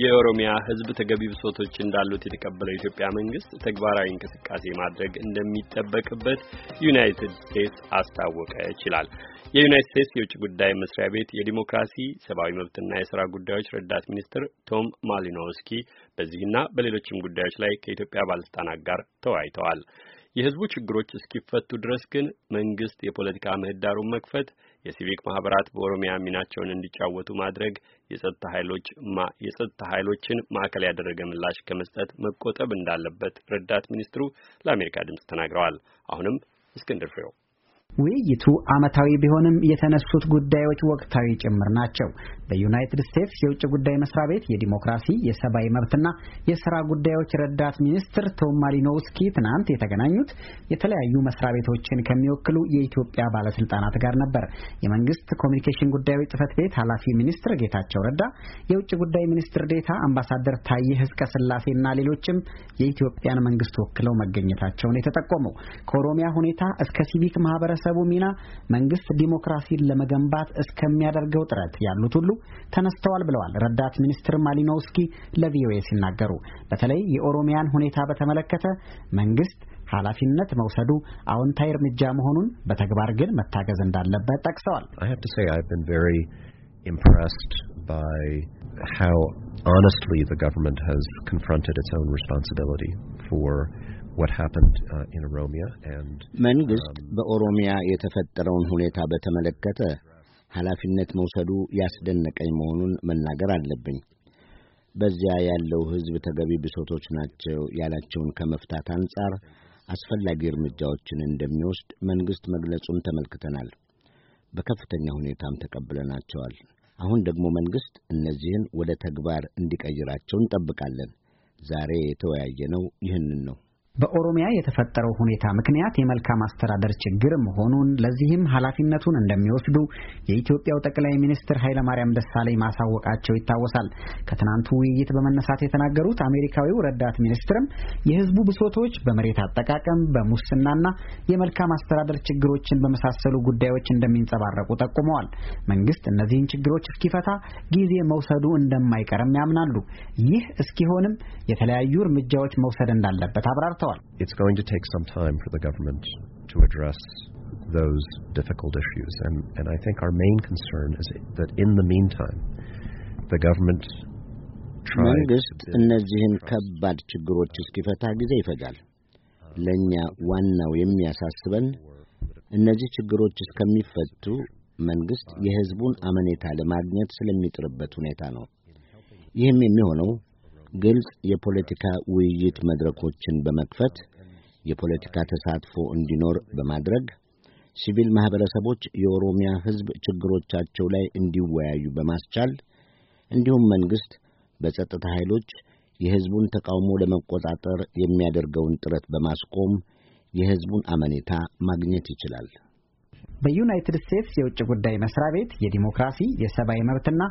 የኦሮሚያ ሕዝብ ተገቢ ብሶቶች እንዳሉት የተቀበለው የኢትዮጵያ መንግስት ተግባራዊ እንቅስቃሴ ማድረግ እንደሚጠበቅበት ዩናይትድ ስቴትስ አስታወቀ ይችላል። የዩናይትድ ስቴትስ የውጭ ጉዳይ መስሪያ ቤት የዲሞክራሲ ሰብአዊ መብትና የስራ ጉዳዮች ረዳት ሚኒስትር ቶም ማሊኖውስኪ በዚህና በሌሎችም ጉዳዮች ላይ ከኢትዮጵያ ባለስልጣናት ጋር ተወያይተዋል። የህዝቡ ችግሮች እስኪፈቱ ድረስ ግን መንግስት የፖለቲካ ምህዳሩን መክፈት፣ የሲቪክ ማህበራት በኦሮሚያ ሚናቸውን እንዲጫወቱ ማድረግ፣ የጸጥታ ኃይሎች የጸጥታ ኃይሎችን ማዕከል ያደረገ ምላሽ ከመስጠት መቆጠብ እንዳለበት ረዳት ሚኒስትሩ ለአሜሪካ ድምጽ ተናግረዋል። አሁንም እስክንድር ፍሬው ውይይቱ ዓመታዊ ቢሆንም የተነሱት ጉዳዮች ወቅታዊ ጭምር ናቸው። በዩናይትድ ስቴትስ የውጭ ጉዳይ መስሪያ ቤት የዲሞክራሲ የሰብአዊ መብትና የስራ ጉዳዮች ረዳት ሚኒስትር ቶም ማሊኖውስኪ ትናንት የተገናኙት የተለያዩ መስሪያ ቤቶችን ከሚወክሉ የኢትዮጵያ ባለስልጣናት ጋር ነበር። የመንግስት ኮሚኒኬሽን ጉዳዮች ጽህፈት ቤት ኃላፊ ሚኒስትር ጌታቸው ረዳ፣ የውጭ ጉዳይ ሚኒስትር ዴታ አምባሳደር ታዬ ህዝቀ ስላሴና ሌሎችም የኢትዮጵያን መንግስት ወክለው መገኘታቸውን የተጠቆመው ከኦሮሚያ ሁኔታ እስከ ሲቪክ ማህበረሰብ የህብረተሰቡ ሚና መንግስት ዲሞክራሲን ለመገንባት እስከሚያደርገው ጥረት ያሉት ሁሉ ተነስተዋል ብለዋል ረዳት ሚኒስትር ማሊኖውስኪ ለቪኦኤ ሲናገሩ። በተለይ የኦሮሚያን ሁኔታ በተመለከተ መንግስት ኃላፊነት መውሰዱ አዎንታዊ እርምጃ መሆኑን በተግባር ግን መታገዝ እንዳለበት ጠቅሰዋል። Honestly, the government has confronted its own responsibility for Uh, መንግሥት um, በኦሮሚያ የተፈጠረውን ሁኔታ በተመለከተ ኃላፊነት መውሰዱ ያስደነቀኝ መሆኑን መናገር አለብኝ። በዚያ ያለው ሕዝብ ተገቢ ብሶቶች ናቸው ያላቸውን ከመፍታት አንጻር አስፈላጊ እርምጃዎችን እንደሚወስድ መንግሥት መግለጹን ተመልክተናል። በከፍተኛ ሁኔታም ተቀብለናቸዋል። አሁን ደግሞ መንግሥት እነዚህን ወደ ተግባር እንዲቀይራቸው እንጠብቃለን። ዛሬ የተወያየነው ይህንን ነው። በኦሮሚያ የተፈጠረው ሁኔታ ምክንያት የመልካም አስተዳደር ችግር መሆኑን ለዚህም ኃላፊነቱን እንደሚወስዱ የኢትዮጵያው ጠቅላይ ሚኒስትር ኃይለማርያም ደሳለኝ ማሳወቃቸው ይታወሳል። ከትናንቱ ውይይት በመነሳት የተናገሩት አሜሪካዊው ረዳት ሚኒስትርም የሕዝቡ ብሶቶች በመሬት አጠቃቀም፣ በሙስናና የመልካም አስተዳደር ችግሮችን በመሳሰሉ ጉዳዮች እንደሚንጸባረቁ ጠቁመዋል። መንግስት እነዚህን ችግሮች እስኪፈታ ጊዜ መውሰዱ እንደማይቀርም ያምናሉ። ይህ እስኪሆንም የተለያዩ እርምጃዎች መውሰድ እንዳለበት አብራርተዋል። It's going to take some time for the government to address those difficult issues. And, and I think our main concern is that in the meantime, the government መንግሥት to. ለእኛ ዋናው የሚያሳስበን እነዚህ ችግሮች እስከሚፈቱ መንግሥት የሕዝቡን አመኔታ ለማግኘት ስለሚጥርበት ሁኔታ ነው። ይህም የሚሆነው ግልጽ የፖለቲካ ውይይት መድረኮችን በመክፈት የፖለቲካ ተሳትፎ እንዲኖር በማድረግ ሲቪል ማኅበረሰቦች የኦሮሚያ ሕዝብ ችግሮቻቸው ላይ እንዲወያዩ በማስቻል እንዲሁም መንግሥት በጸጥታ ኃይሎች የሕዝቡን ተቃውሞ ለመቆጣጠር የሚያደርገውን ጥረት በማስቆም የሕዝቡን አመኔታ ማግኘት ይችላል። በዩናይትድ ስቴትስ የውጭ ጉዳይ መስሪያ ቤት የዲሞክራሲ የሰብአዊ መብትና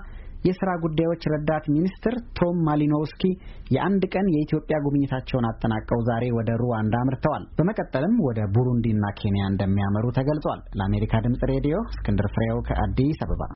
የስራ ጉዳዮች ረዳት ሚኒስትር ቶም ማሊኖውስኪ የአንድ ቀን የኢትዮጵያ ጉብኝታቸውን አጠናቀው ዛሬ ወደ ሩዋንዳ አምርተዋል። በመቀጠልም ወደ ቡሩንዲና ኬንያ እንደሚያመሩ ተገልጿል። ለአሜሪካ ድምጽ ሬዲዮ እስክንድር ፍሬው ከአዲስ አበባ